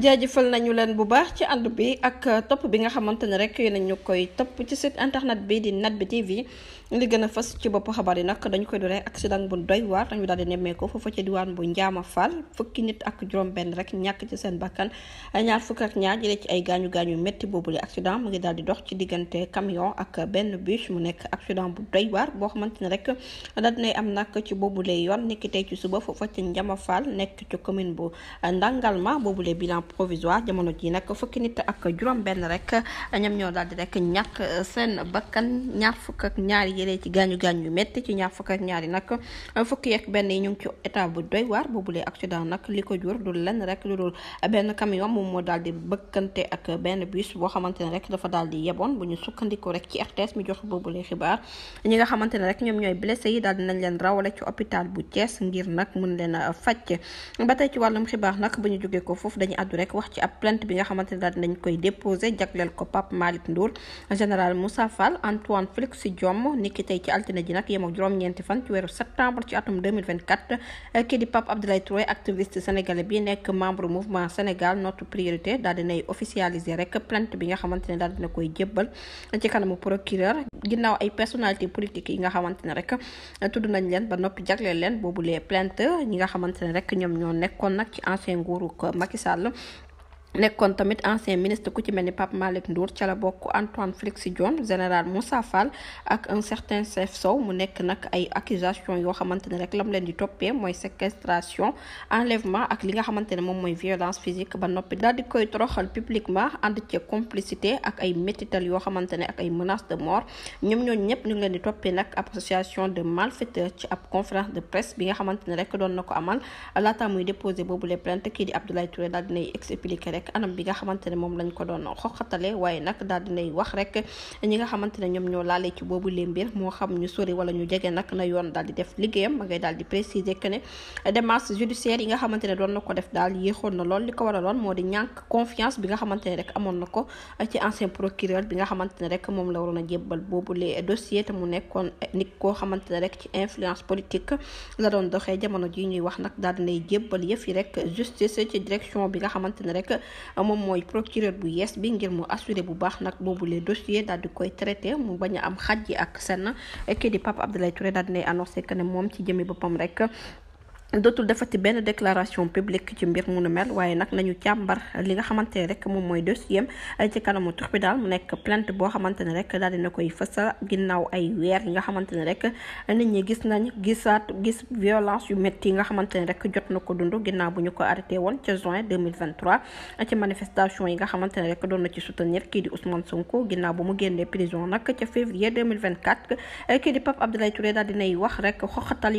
jaajëfal nañu leen bu baax ci ànd bi ak euh, topp bi nga xamante ne rek yéen ñu koy topp ci site internet bi di Net Bi TV li gën a fas ci bopp xabaar yi nag dañu koy dore accident bu doy waar dañu daal di nemmeeku foofa ci diwaan bu Njaama Fall fukki nit ak juróom-benn rek ñàkk ci seen bakkan ñaar fukk ak ñaar ci ay gaañu gaañu métti boobule accident mu ngi daal di dox ci diggante camion ak benn bus mu nekk accident bu doy waar boo xamante ne rek daal dinay am nag ci boobu boobule yoon niki tey ci suba foofa ci Njaama Fall nekk ci commune bu Ndangalma boobule bilan provisoire jamono ji nag fukki nit ak juróom benn rek ñoom ñoo daal di rek ñàkk seen bakkan ñaar fukk ak ñaari yéree ci gaañu gaañu yu métti ci ñaar fukk ak ñaari nag fukki yeeg benn yi ngi ci état bu doy waar boobulee accident nag li ko jur du lenn rek lu dul benn camion moom moo daal di bëkkante ak benn bus boo xamante ne rek dafa daal di yeboon bu ñu sukkandiku rek ci RTS mi jox boobulee xibaar ñi nga xamante ne rek ñoom ñooy blessé yi daal di nañ leen rawale ci hôpital bu cees ngir nag mun leen a faj ba ci wàllum xibaar nag bu ñu jógee ko foofu dañuy àddu rek wax ci ab plainte bi nga xamante ne daal dinañ koy déposé jagleel ko Pape Malick Ndour général Moussa Fall Antoine Félix Diome niki tey ci altine ji nag yem juróom-ñeenti fan ci weeru septembre ci atum 2024 kii di Pape Abdoulaye Touré bi nekk membre mouvement Sénégal notre priorité daal dinay officialiser rek plainte bi nga xamante ne daal dina koy jébbal ci procureur ginnaaw ay personnalité politiques yi nga xamante ne rek eh, tudd nañ leen ba noppi jagleel leen boobu les plaintes ñi nga xamante ne rek ñoom ñoo nekkoon nag ci ancien nguuru Macky Sall nekkoon tamit ancien ministre ku ci mel ni Pape Malick Ndour ca la bokk Antoine Félix Diome général Moussa Fall ak un certain Chef Sow mu nekk nag ay accusation yoo xamante ne rek lam leen di toppee mooy séquestration enlèvement ak li nga xamante ne moom mooy violence physique ba noppi daal di koy toroxal publiquement ànd ci complicité ak ay métital yoo xamante ne ak ay menaces de mort ñoom ñooñu ñëpp ñu ngi leen di toppee nag ab association de malfaiteurs ci ab conférence de presse bi nga xamante ne rek doon na ko amal laata muy déposé boobu les plaintes kii di Abdoulaye Touré daal rek rek anam bi nga xamante ne moom lañ ko doon xoxatale waaye nag daal dinay wax rek ñi nga xamante ne ñoom ñoo laale ci boobu lee mbir moo xam ñu sori wala ñu jege nag na yoon daal def liggéeyam ma ngay daal yi nga xamante ne doon na na ko waraloon moo di ñànk confiance bi nga xamante ne rek amoon a jébbal boobu lee dossier te mu nekkoon nit koo xamante ne rek ci influence politique rek justice ci direction bi nga xamante ne rek Euh, moom mooy procureur bu yees bi ngir mu assuré bu baax nag boobu les dossiers daal di koy traité mu bañ a am xaj yi ak senn kii di Pape Abdoulaye Touré daal dinay annoncé que ne moom ci jëmee boppam rek dootul defati benn déclaration publique ci mbir mu nu mel waaye nag nañu càmbar li nga xamante ne rek moom mooy dossier ci kanamu tur bi daal mu nekk plainte boo xamante ne rek daal dina koy fësal ginnaaw ay weer yi nga xamante ne rek nit ñi gis nañ gisaat xamante ne rek jot na ko dund ginnaaw bu ñu ko arrêté woon ca juin 2023 ci manifestation yi nga xamante ne rek doon na ci soutenir kii di Ousmane Sonko ginnaaw bu mu génnee prison nag ca février kii di Pape Abdoulaye Touré daal dinay wax rek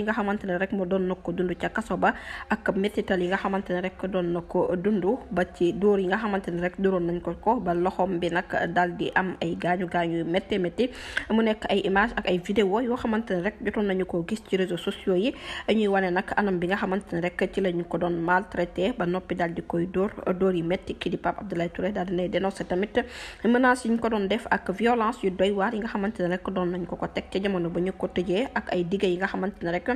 nga xamante ne rek moo doon na ko dund ca kaso ba ak méttital yi nga xamante ne rek doon na ko dund ba ci nga xamante ne rek dóoroon nañ ko ko ba loxoom bi nag daal di am ay gaañu gaañu yu métti métti mu nekk ay image ak ay vidéo yoo xamante ne rek jotoon nañu ko gis ci réseaux sociaux yi ñuy wane nag anam bi nga xamante ne rek ci la ñu ko doon maltraité ba noppi daal di koy dóor dóor yi métti kii di Pape Abdoulaye Touré daal dinay dénoncé tamit menaces yi ñu ko doon def ak violence yu doy waar yi nga xamante ne rek doon nañ ko ko teg ca jamono ba ñu ko tëjee ak ay dige yi nga xamante ne rek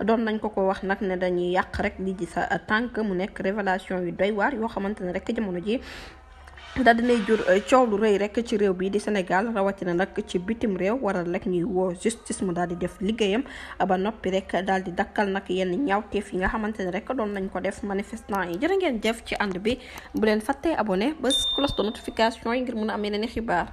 doon nañ ko ko wax nag ne dañuy yàq rek li ci sa tànk mu nekk révélation yi doy waar yoo xamante ne rek jamono ji daal dinay jur eh, coow lu rëy rek ci réew bi di Sénégal rawatina nag ci bitim réew waral rek ñuy woo justice mu daal di def liggéeyam eh, ba noppi rek daal di dakkal nag yenn ñaawteef fi nga xamante ne rek doon nañ ko def manifestant yi jërë ngeen jëf ci ànd bi bu leen fàttee abonné ba cloche de notification yi ngir mun a am yeneen xibaar.